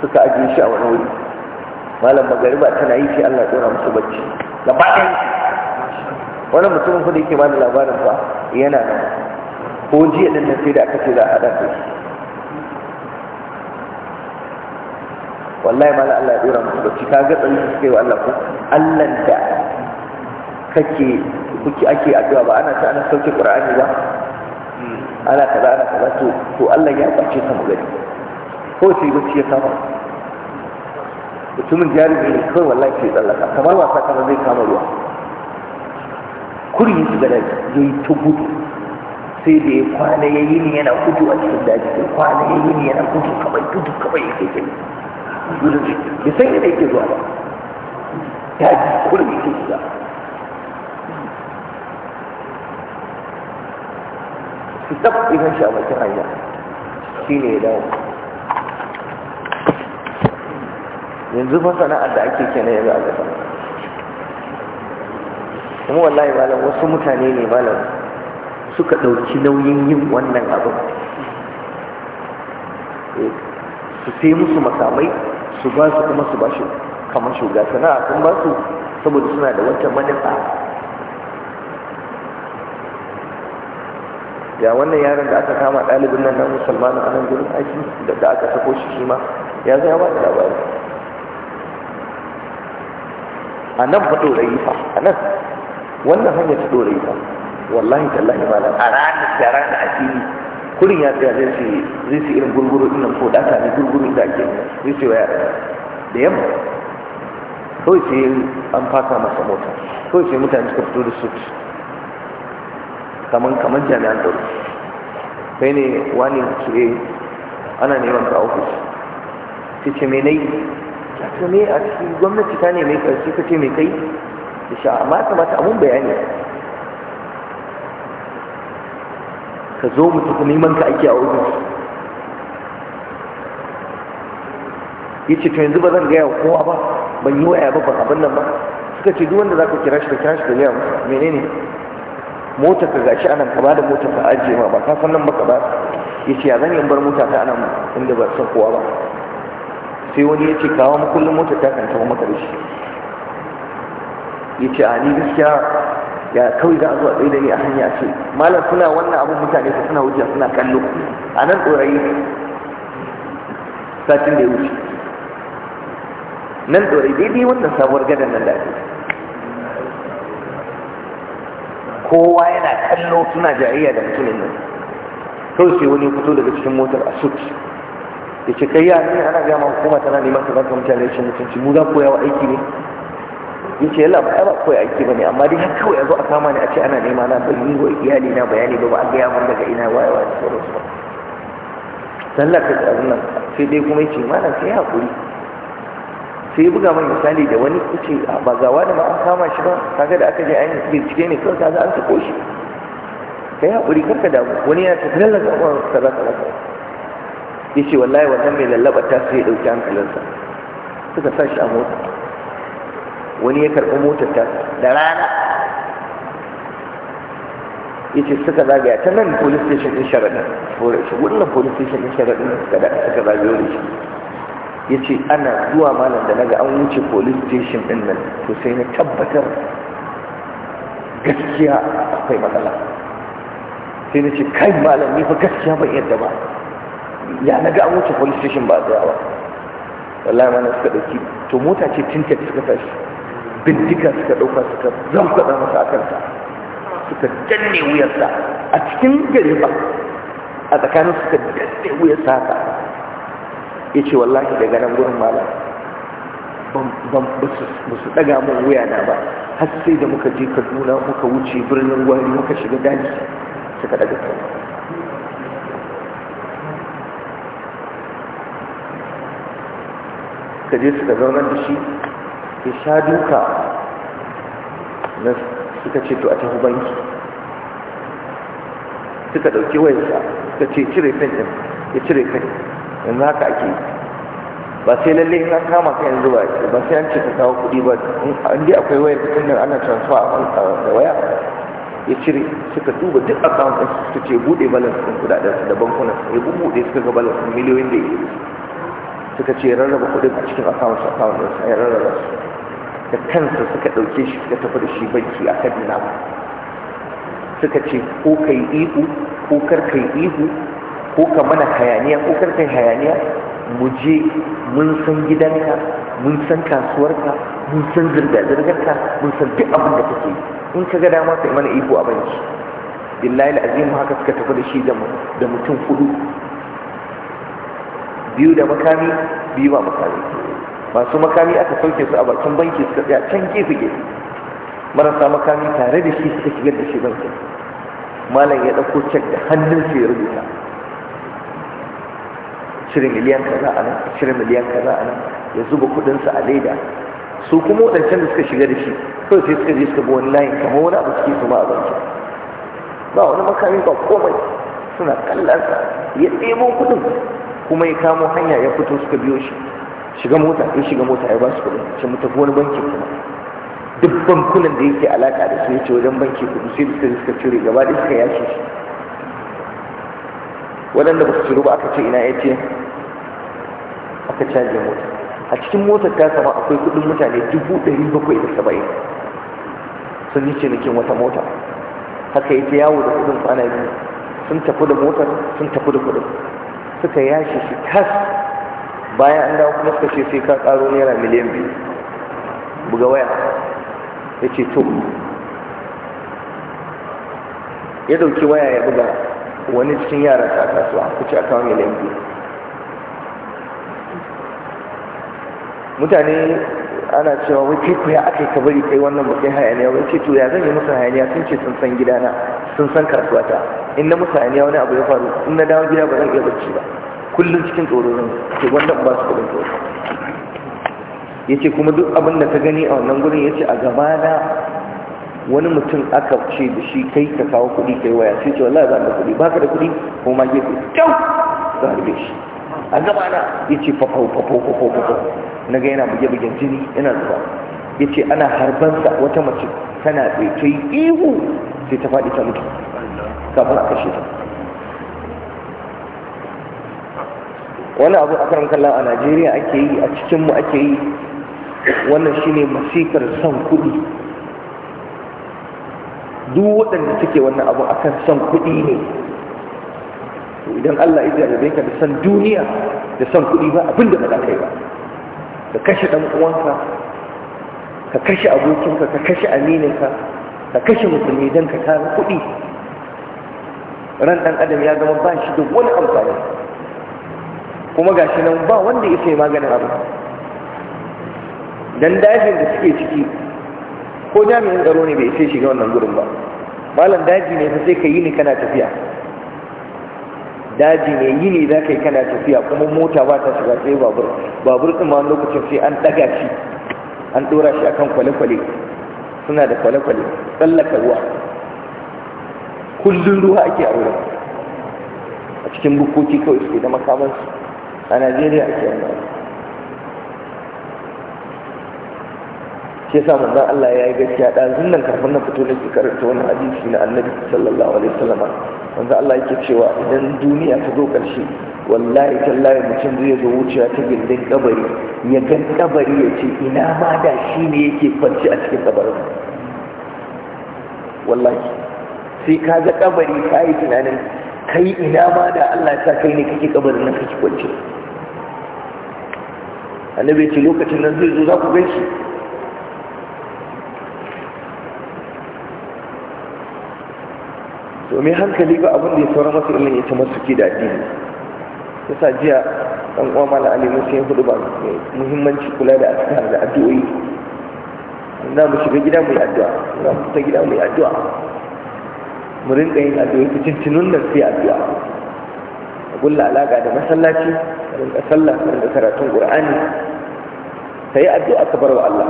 suka ajiye shi a wani wuri malam magariba tana yi shi allah ɗora musu bacci gaba ɗaya wani mutumin kuda yake ba da labarin fa yana nan ko jiya din nan sai da aka ce za a haɗa da shi wallahi ma Allah ya dora musu bacci ka ga tsayi suka yi wa Allah ko Allah da kake kuke ake addu'a ba ana ta ana sauke Qur'ani ba ana kaza ana kaza to to Allah ya kwace ka mu gari ko sai bacci ya kama mutumin jarumi ne kawai wallahi sai tsallaka kamar wasa kamar zai kama ruwa kuri su ga dai yayi ta gudu sai da ya kwana ya yi ni yana gudu a cikin daji sai kwana ya yi ni yana gudu kawai gudu kawai ya ke gudun ya san yadda yake zuwa ba ya ji kurin yake shiga su tafi ikan shi a bakin hanya shi ne ya dawo yanzu fa sana'ar da ake kenan yanzu a ƙasa kuma wallahi malam wasu mutane ne malam suka ɗauki nauyin yin wannan abin eh, su sai musu makamai su ba su kuma su ba shi kamar shuga sana'a sun ba su saboda suna da wata manufa ya wannan yaron da aka kama ɗalibin nan na a anan gurin aiki da aka sako shi shi ma ya zai ba da labari a nan fa ɗorayi fa a nan wannan hanyar ta ɗorayi fa wallahi tallahi ba a ranar da ranar a fili kurin ya tsaya zai ce zai ce irin gurguru ina ko da ta ne gurguru da ake zai ce waya yara da yamma kawai sai an fasa masa mota kawai sai mutane suka fito da suit kaman kaman jami'an tsaro kai ne wani ce ana neman ka ofis sai ce mai nai ya ce me a cikin gwamnati ta ne mai karshe ka ce mai kai da sha amma ya kamata amun bayani ka zo mu tafi neman ka ake a ofis ce to yanzu ba zan gaya wa kowa ba ban yi waya ba ban abin nan ba suka ce duk wanda za ka kira shi da kira shi da gaya Mene menene mota ka gashi anan ka bada mota ka ajiye ma ba ka san nan ba ka ba yace ya zan yi bar mota ta anan inda ba san kowa ba sai wani ya ce kawo mu kullum mota ta kan tawo maka da shi ce a ni gaskiya ya kawai za a zuwa tsaye da ni a hanya ce malam suna wannan abin mutane su suna wuce suna kallo a nan tsorayi satin da ya wuce nan tsorayi daidai wannan sabuwar gadon nan da ake kowa yana kallo suna jariya da mutumin nan kawai sai wani fito daga cikin motar a sut da ke kai ne ana gama hukuma tana neman ta zaka mutane shi mutunci mu za ku yawa aiki ne ce yalla ba ba koyi aiki bane amma dai har kawai yazo a kama ni a ce ana nema na ban yi wa iyali na bayani ba ba a gaya mun daga ina waye waye sauran su sallah ka abin nan sai dai kuma yace malam sai hakuri sai ya buga mai misali da wani kuce ah, ba ga wani ba an kama shi ba kaga da aka je an bincike ne kawai kaga an sako shi kai hakuri karka damu wani ya tafi lallan zaɓar kaza kaza yace wallahi wannan mai lallaba ta sai ya ɗauki hankalinsa suka sa shi a mota wani ya karɓi motar ta da rana ya ce suka zagaya ta nan police station ɗin sharaɗin shi wannan police station ɗin sharaɗin suka zagaya wani shi ya ce ana zuwa malam da naga an wuce police station ɗin nan to sai na tabbatar gaskiya akwai matsala sai na ce kai malam ni fa gaskiya ban yadda ba ya na ga an wuce police station ba a tsaya ba wallahi mana suka ɗauki. to mota ce tinta suka tashi Bindika suka ɗauka suka zamfaɗa masu a suka danne wuyarsa a cikin gari ba a tsakanin suka danne wuyarsa haka ya ce wallahi daga nan gurin malam ba su ɗaga mun wuya na ba har sai da muka je kaduna muka wuce birnin gwari muka shiga daji suka ɗaga kan ka je suka zaunar da shi Ke sha duka na suka ce to a tafi banki suka dauki wayansa suka ce cire fin ɗin ya cire fin za ka ake yi ba sai lalle in an kama ka yanzu ba ba sai an ce ka kawo kuɗi ba an dai akwai wayar tun da ana transfer a da waya ya cire suka duba duk account ɗin suka ce buɗe balance ɗin kudaden su da bankunan su ya buɗe suka ga balance miliyoyin da ya yi suka ce rarraba kuɗin a cikin account account ɗin su ya rarraba su da kansa suka ɗauke shi suka tafi da shi banki a kaduna suka ce ko ka yi ihu ko kar ka yi ihu ko ka mana hayaniya ko kar ka yi hayaniya mu je mun san gidanka mun san kasuwarka mun san zirga-zirgarka mun san duk abin da kake in ka ga dama sai mana ihu a banki billahi al'azim haka suka tafi da shi da mutum hudu biyu da makami biyu ba makami masu makami aka sauke su a bakin banki suka tsaya can gefe gefe marasa makami tare da shi suka shigar da shi banki malam ya ɗauko cek da hannun ya rubuta shirin miliyan kaza a nan shirin miliyan kaza a nan ya zuba kuɗinsa a leda su kuma waɗancan da suka shiga da shi kawai sai suka je suka bi wani layin kamar wani abu suke kuma a banki ba wani makami ba komai suna kallansa ya ɗebo kuɗin kuma ya kamo hanya ya fito suka biyo shi shiga mota ya shiga mota ya ba su kuɗi ce mu tafi wani banki kuma duk bankunan da yake alaka da su yace wajen banki kuɗi sai da suka suka cire gaba da suka yashe shi waɗanda ba su ciro ba aka ce ina ya ce aka caje mota a cikin motar ta sama akwai kuɗin mutane dubu ɗari bakwai da saba'in sun yi cinikin wata mota haka ya ce yawo da kuɗin kwana biyu sun tafi da motar sun tafi da kuɗin suka yashe shi tas bayan an dawo kuma suka ce sai ka karo naira miliyan biyu buga waya ya ce to ya dauki waya ya buga wani cikin yara ta kasuwa ce a kawo miliyan biyu mutane ana cewa wai kai kuya aka ka bari kai wannan ba kai hayaniya wai ce to ya zan yi musu hayaniya sun ce sun san gidana sun san kasuwata in na musu hayaniya wani abu ya faru in na dawo gida ba zan iya barci ba kullum cikin tsoro ke wanda ba su kudin tsoro ya ce kuma duk abin da ka gani a wannan gudun, ya ce a gaba na wani mutum aka ce da shi kai ka kawo kuɗi kai waya sai ce wallahi ba da kuɗi baka da kuɗi ko ma gefe kyau za a rube shi a gaba na ya ce fafau fafau fafau fafau na ga yana buge bugen jini yana zuba ya ce ana harbansa wata mace tana tsaye ta yi ihu sai ta faɗi ta mutu kafin a kashe ta wani abu a karan kallon a najeriya ake yi a cikinmu ake yi wannan shine masikar son kuɗi duk waɗanda suke wannan abu akan son kuɗi ne idan allah ya jarabe ka da son duniya da son kuɗi ba abin da ba kai ba ka kashe ɗan uwanka ka kashe abokinka ka kashe amininka ka kashe musulmi don ka tara kuɗi ran ɗan adam ya zama ba shi da wani amfani kuma shi nan ba wanda ya sai maganin abu dan dajin da suke ciki ko jami'in tsaro ne bai sai shiga wannan gurin ba malam daji ne sai ka yi ni kana tafiya daji ne yi ne za ka yi kana tafiya kuma mota ba ta shiga sai babur babur ɗin ma lokacin sai an ɗaga shi an ɗora shi akan kwale-kwale suna da kwale-kwale tsallaka ruwa kullum ruwa ake a wurin a cikin bukoki kawai suke da makamansu a najeriya ake wannan Ke yasa manzon Allah ya yi gaskiya ɗazun nan kafin na fito ke karanta wani hadisi na annabi sallallahu alaihi wasallam manzon Allah yake cewa idan duniya ta zo ƙarshe wallahi tallahi mutum zai zo wucewa ta gindin kabari ya gan kabari ya ce ina ma da shi ne yake kwanci a cikin kabarin wallahi sai ka ga kabari ka yi tunanin kai ina ma da Allah ya sa kai ne kake kabarin nan kake kwanci annabi ce lokacin nan zai zo za ku gan shi domin hankali ba abin da ya saura masu ilin ya tamar masu da addini ya sa jiya ɗan uwa mala alimin sai hudu ba muhimmanci kula da azkar da addu'o'i na mu shiga gida mu yi addu'a na mu fita gida mu yi addu'a mu rinka yin addu'a ku tuntunun nan sai addu'a kulla alaka da masallaci da sallah da rinka karatun qur'ani sai addu'a ka bar wa Allah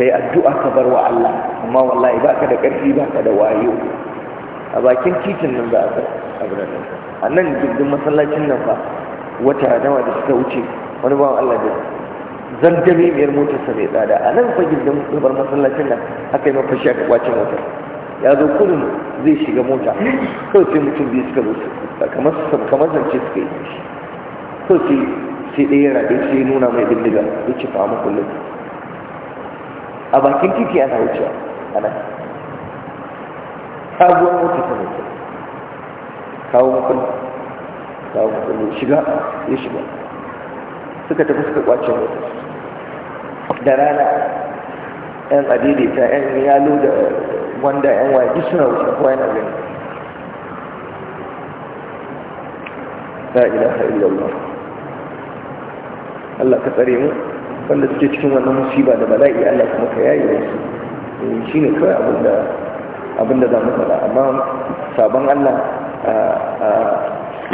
sai addu'a ka bar wa Allah amma wallahi baka da karfi baka da wayo a bakin titin nan ba a abu nan a nan masallacin nan fa wata nawa da suka wuce wani bawan Allah da zandame biyar motarsa mai tsada a nan fa jirgin zubar masallacin nan aka yi mafashi a kwacin motar ya zo kudin zai shiga mota kawai sai mutum biyu suka zo kamar zance suka yi shi kawai sai sai ɗaya raɗe sai nuna mai bindiga ya ce fa kullum a bakin titi ana wucewa ana kawo mota ta mutu kawo makullin kawo makullin shiga ya shiga suka tafi suka kwace mota da rana yan adidita yan yalo da Wanda yan waye suna wuce kowa yana gani la ilaha illallah Allah ka tsare mu wanda suke cikin wannan musiba da bala'i Allah kuma ka yayi musu eh, shi ne kawai abinda da za mu faɗa amma sabon Allah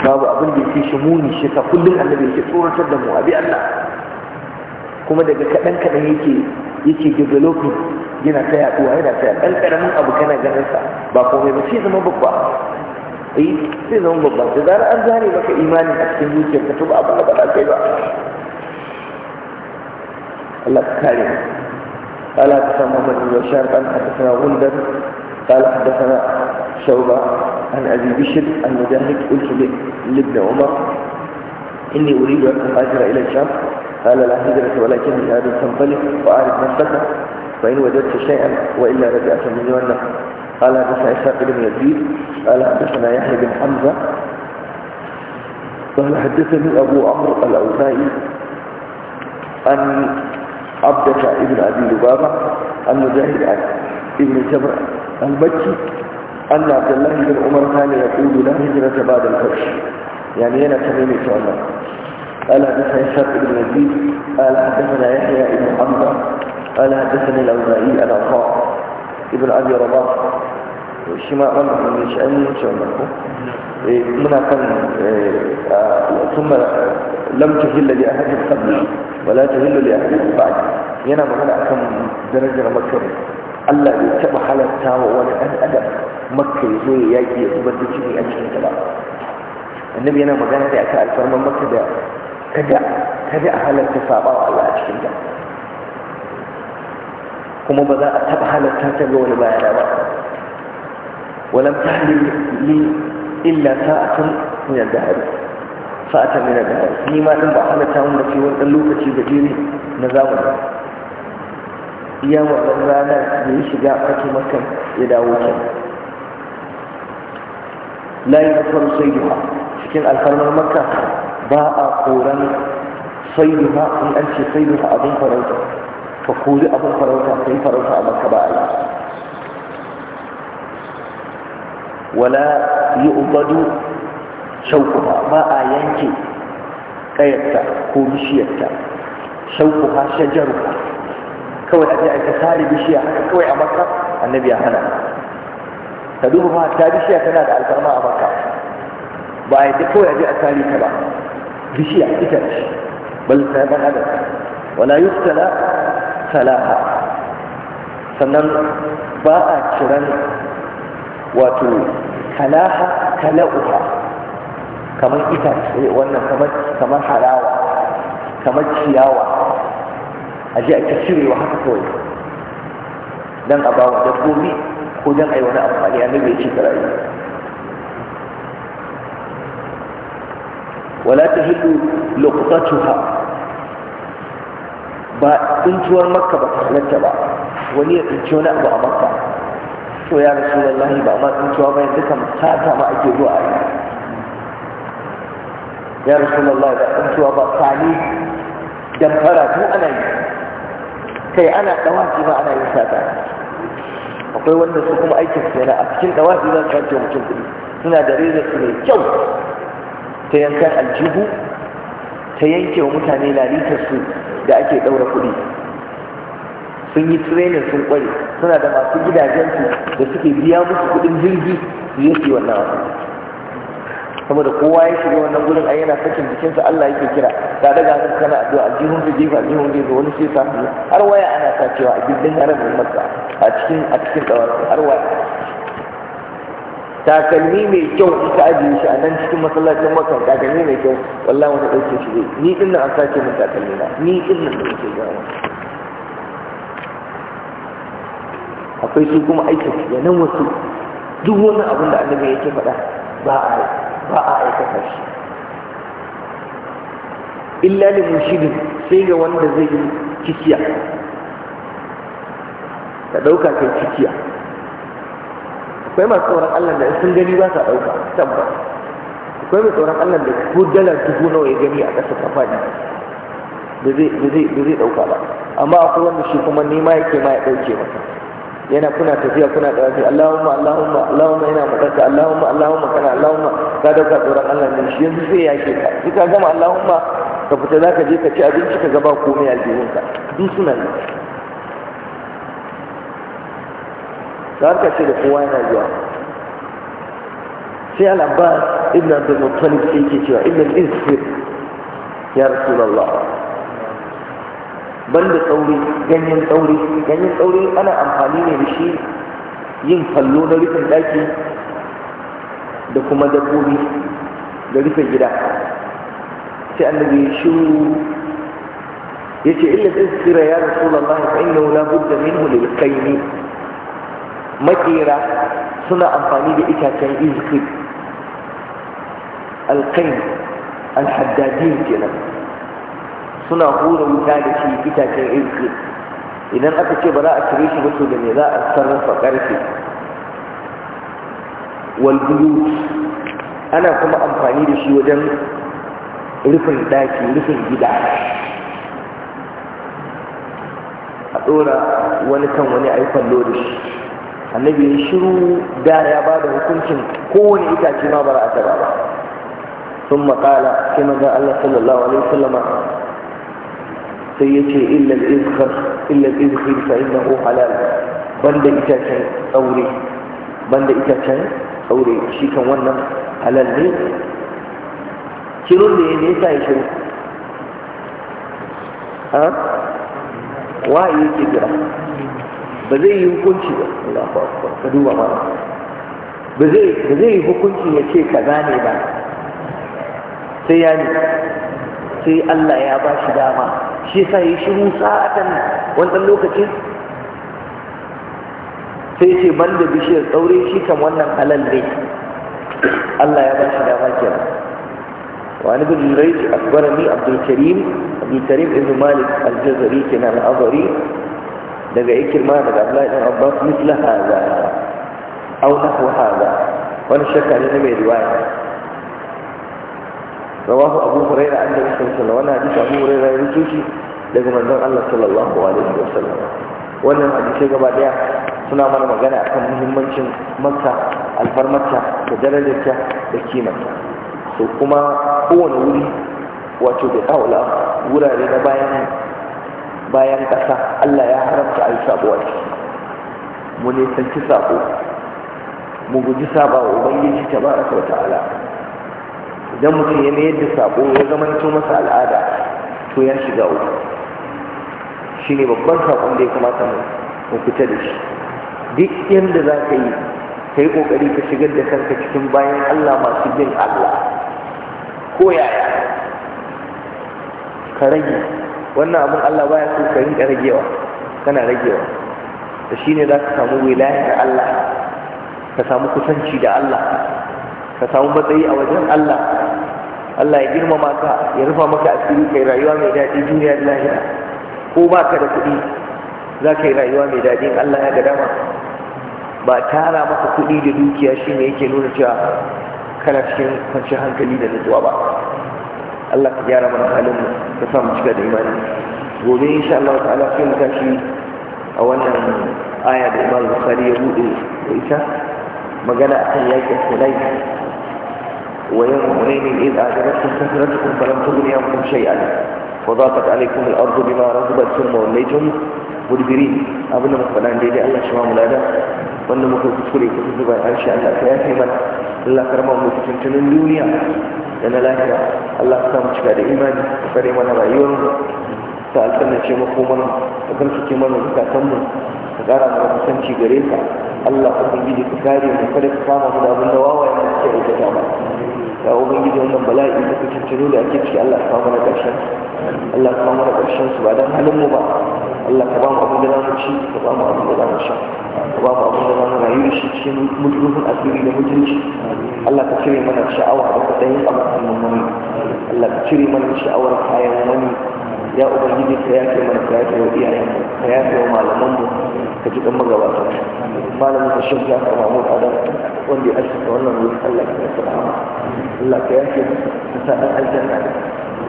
babu abin da fi shi muni shi ka kullum annabi ke tsoratar da mu abi Allah kuma daga kaɗan kaɗan yake yake developing yana ta yaduwa yana ta ɗan ƙaramin abu kana ganin sa ba komai ba sai zama babba eh sai zama babba da zarar an zare maka imani a cikin zuciyar ka to ba abin da ba za kai ba الله كريم samu mutum da بن بشار ta حدثنا غندر قال حدثنا شوبة عن أبي بشر المجاهد قلت لابن عمر إني أريد أن أهاجر إلى الشام قال لا هجرة ولكن هذا تنطلق وأعرف نفسك فإن وجدت شيئا وإلا رجعت من يوانا قال حدثنا إسحاق بن يزيد قال حدثنا يحيى بن حمزة قال حدثني أبو عمرو الأوفائي أن عبدك ابن أبي لبابة أن مجاهد ابن جبر المكي أن عبد الله بن عمر كان يقول لا هجرة بعد الفرش يعني أنا تميمي سؤالنا قال حدثنا الشاب بن يزيد قال حدثنا يحيى بن حمزه قال حدثنا الاوزاعي العطاء ابن ابي رباح شما ان من شان شمعه من إيه، كان إيه، ثم لم تهل لاحد قبل ولا تهل لاحد بعد هنا ما هنا كم درجه مكه الله يتبع على التاوى ولا ادب مكه يجي يجي يتبدل شيء اجل النبي هنا ما كان يتعرف من مكه Ka ji a halatta saba wa Allah a cikin ta kuma ba za a taɓa halatta ta ga wani bayana ba walam tahlil li illa sa'atan min ad-dahr sa'atun min ad-dahr ni ma din ba halatta mun da shi wani dan lokaci da jiri na zamani iya wannan rana da ya shiga fatu maka ya dawo can la yi da faru cikin alfarmar makka ba a koran saiduha in an ce saiduha abin farauta ka kori abin farauta ka yi farauta a maka ba a yi wala yi ubadu shaukuha ba a yanke kayarta ko bishiyarta shaukuha shajaruha kawai a je a ka sare bishiya haka kawai a maka annabi ya hana ka duba ma ta bishiya tana da alfarma a maka ba a yi kawai a je a sare ta ba bishiya ita ce bal ta dan adam wala yuftala salaha sannan ba a kiran wato kalaha kala'uha kamar itace wannan kamar halawa kamar ciyawa a ji ake cirewa haka kawai don a bawa dabbobi ko don a yi wani amfani a nabi ya ce rayu wala ta hidu lokutatuha ba tsintuwar makka ba ta halatta ba wani ya tsinci wani abu a makka to ya rasu ba ma tsintuwa ba yanzu kam sata ma ake zuwa a yi ya rasu wallahi ba tsintuwa ba kani damfara tun ana yi kai ana ɗawaci ana yin sata akwai wanda su kuma aikin su yana a cikin ɗawaci za su kwanci mutum kuɗi suna da reza su mai kyau ta yankan aljihu ta yanke wa mutane su da ake ɗaura kuɗi sun yi training sun ƙware suna da masu gidajensu da suke biya musu kuɗin jirgi su yake wannan abu saboda kowa ya shiga wannan gurin a yana sakin jikinsa Allah yake kira ga daga sun kana addu'a aljihun da jefa aljihun ka wani sai yi? har waya ana sacewa a gindin haramin makka a cikin a cikin har waya takalmi mai kyau in ka ajiye shi a nan cikin masallacin maka takalmi mai kyau wallahi wani ɗauke shi zai ni ɗin nan an sace min takalmi na ni ɗin nan da nake gawa akwai su kuma aikin su nan wasu duk wani abin da annabi yake faɗa ba a ba a aikata shi illa li mushidin sai ga wanda zai yi kikiya, ka ɗauka kai kikiya. akwai masu tsoron Allah da sun gani ba sa ɗauka tabbas akwai mai tsoron Allah da ko dalar dubu nawa ya gani a ƙasa ta faɗi da zai ɗauka ba amma akwai wanda shi kuma nema yake ma ya ɗauke masa yana kuna tafiya kuna da wasu Allahumma Allahumma Allahumma yana madarka Allahumma Allahumma kana Allahumma ka dauka tsoron Allah ne shi yanzu sai ya ke ka sai ka gama Allahumma ka fita za ka je ka ci abinci ka gaba komai aljihunka duk suna ne da harka ce da kowa yana zuwa sai al'abbas ibn da muttalib sai yake cewa ibn al-izhir ya rasulullah banda tsauri ganyen tsauri ganyen tsauri ana amfani ne da shi yin kallo na rufin daki da kuma dabbobi da rufin gida sai annabi ya shiru ce illa tsira ya rasulullahi fa innahu la budda minhu lil qayni makera suna amfani da itacen izkir alkain alhaddadin kenan suna hura wuta da shi itacen izkir idan aka ce ba za a cire shi ba da me za a sarrafa karfe walbuyut ana kuma amfani da shi wajen rufin daki rufin gida a ɗora wani kan wani a yi kwallo da shi annabi ya shiru da ya ba da hukuncin kowane itace ma ba za a taba ba sun makala sai maza Allah sallallahu alaihi wasallama sai ya ce illal izhar illal izhar fa innahu halal banda itacen aure banda itacen aure shi kan wannan halal ne kirun da ya nesa ya shiru ha wa yake jira ba zai yi hukunci ba Allahu akbar ka duba ba ba zai ba zai yi hukunci ya ce ka zane ba sai ya ne sai Allah ya ba shi dama shi sa yi a kan wannan lokacin sai ce ban da bishiyar tsaure shi kan wannan halal ne Allah ya ba shi dama kenan وعن ابن جريج اخبرني عبد الكريم عبد الكريم ابن مالك الجزري كان الازري daga ikirma daga Abdullahi dan Abbas misla hada aw nahwa hada wani shakka ne mai riwaya rawahu Abu Hurairah an da Rasul sallallahu alaihi hadisi Abu da ya shi daga manzon Allah sallallahu alaihi wasallam wannan hadisi gaba daya suna mana magana akan muhimmancin Makka alfarmarta da darajarta da kimarta su kuma kowane wuri wato da kawula wurare na bayan bayan ƙasa Allah ya haramta a yi sabo a ciki mu sabo mu guji saba wa ubangiji ta ba wa ta'ala idan mutum ya mayar da sabo ya zama masa al'ada to ya shiga uku shi ne babban saƙon da ya kamata mu fita da shi duk yadda za ka yi ka yi ƙoƙari ka shigar da kanka cikin bayan Allah masu bin Allah ko yaya ka rage wannan abin Allah baya so ka rinka ragewa kana ragewa da shine za ka samu wilaya da Allah ka samu kusanci da Allah ka samu matsayi a wajen Allah Allah ya girmama ka ya rufa maka asiri kai rayuwa mai daɗi duniya da lahira ko ba ka da kuɗi za ka yi rayuwa mai daɗi in Allah ya ga dama ba tara maka kuɗi da dukiya shi ne yake nuna cewa kana cikin kwanciyar hankali da nutsuwa ba Allah ka gyara mana halin mu sa mu cika da imani gobe insha Allah ta'ala sai mu tashi a wannan aya da Imam Bukhari ya bude da ita magana akan yakin Hunayn wa yawm Hunayn id a'jabatkum kathratukum falam tughni ankum shay'an وضاقت عليكم الأرض بما رغبت ثم وليتم مدبرين أبنا مقبلان ديدي الله mu lada. wanda muka kuskure ku zuba ya shi Allah ka yafe mana Allah karma mu tuntunin duniya da na lafiya Allah ka mu cika da imani ka kare mana rayuwar mu ta alƙalla ce makoman ka karfafe mana zukatanmu ka ƙara mana kusanci gare ka Allah ka ubangiji ka kare mu kada ka kama mu da abin da wawaye da suke aikata ba ya ubangiji wannan bala'i da kake ciro da ake ciki Allah ka mana ƙarshen Allah ka mana ƙarshen su ba dan halin mu ba Allah ka ba mu abin da za mu ci ka ba mu abin da za mu sha ka ba mu abin da za mu rayu da shi cikin mutumin asiri da mutunci Allah ka cire mana sha'awa da kwaɗayin abin da mun Allah ka cire mana sha'awar kayan wani ya ubangiji ka yafe mana ka yafe wa iyayenmu ka yafe wa malamanmu ka ji kan magabata malamin ka shirya ka mamu adam wanda ya aska wannan wuri Allah ka yafe rahama Allah ka yafe ka sa dan aljanna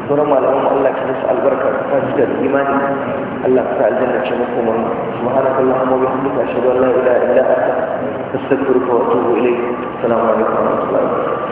sauran mu Allah ka nasa albarka ka sa shi da imani Allah ka sa aljanna ce mu kuma subhanakallahumma wa bihamdika ashhadu an la ilaha illa anta astaghfiruka wa atubu ilayk assalamu alaikum wa rahmatullahi wa barakatuh